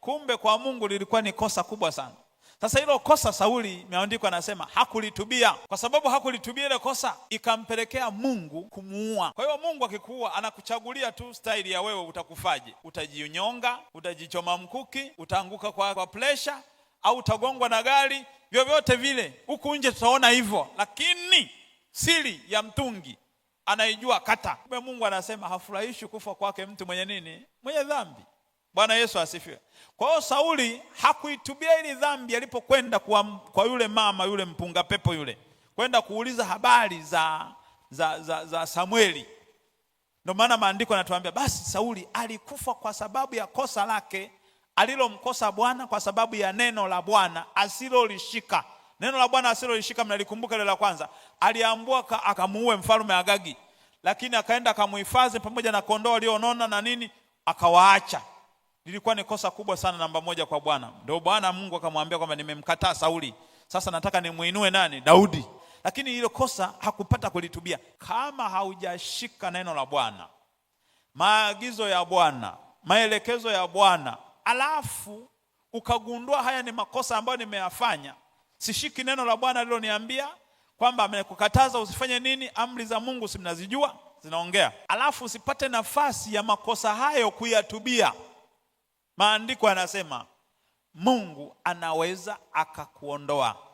Kumbe kwa Mungu lilikuwa ni kosa kubwa sana. Sasa hilo kosa Sauli, imeandikwa anasema hakulitubia. Kwa sababu hakulitubia ile kosa, ikampelekea Mungu kumuua. Kwa hiyo Mungu akikuua, anakuchagulia tu staili ya wewe utakufaje, utajinyonga, utajichoma mkuki, utaanguka kwa, kwa presha au utagongwa na gari, vyovyote vile. Huku nje tutaona hivyo, lakini siri ya mtungi anaijua kata. Kumbe Mungu anasema hafurahishi kufa kwake mtu mwenye nini, mwenye dhambi. Bwana Yesu asifiwe. Kwa hiyo Sauli hakuitubia ile dhambi alipokwenda kwa, kwa yule mama yule mpunga pepo yule kwenda kuuliza habari za, za, za, za Samueli. Ndio maana maandiko yanatuambia basi Sauli alikufa kwa sababu ya kosa lake alilomkosa Bwana, kwa sababu ya neno la Bwana asilolishika. Neno la Bwana asilolishika, mnalikumbuka ile la kwanza, aliambua ka, akamuue mfalme Agagi, lakini akaenda akamuhifadhi pamoja na kondoo alionona na nini, akawaacha lilikuwa ni kosa kubwa sana namba moja kwa Bwana. Ndio Bwana Mungu akamwambia kwamba nimemkataa Sauli, sasa nataka nimuinue nani? Daudi. Lakini hilo kosa hakupata kulitubia. Kama haujashika neno la Bwana, maagizo ya Bwana, maelekezo ya Bwana, alafu ukagundua haya ni makosa ambayo nimeyafanya, sishiki neno la Bwana aliloniambia kwamba amekukataza usifanye nini. Amri za Mungu simnazijua zinaongea, alafu usipate nafasi ya makosa hayo kuyatubia. Maandiko yanasema Mungu anaweza akakuondoa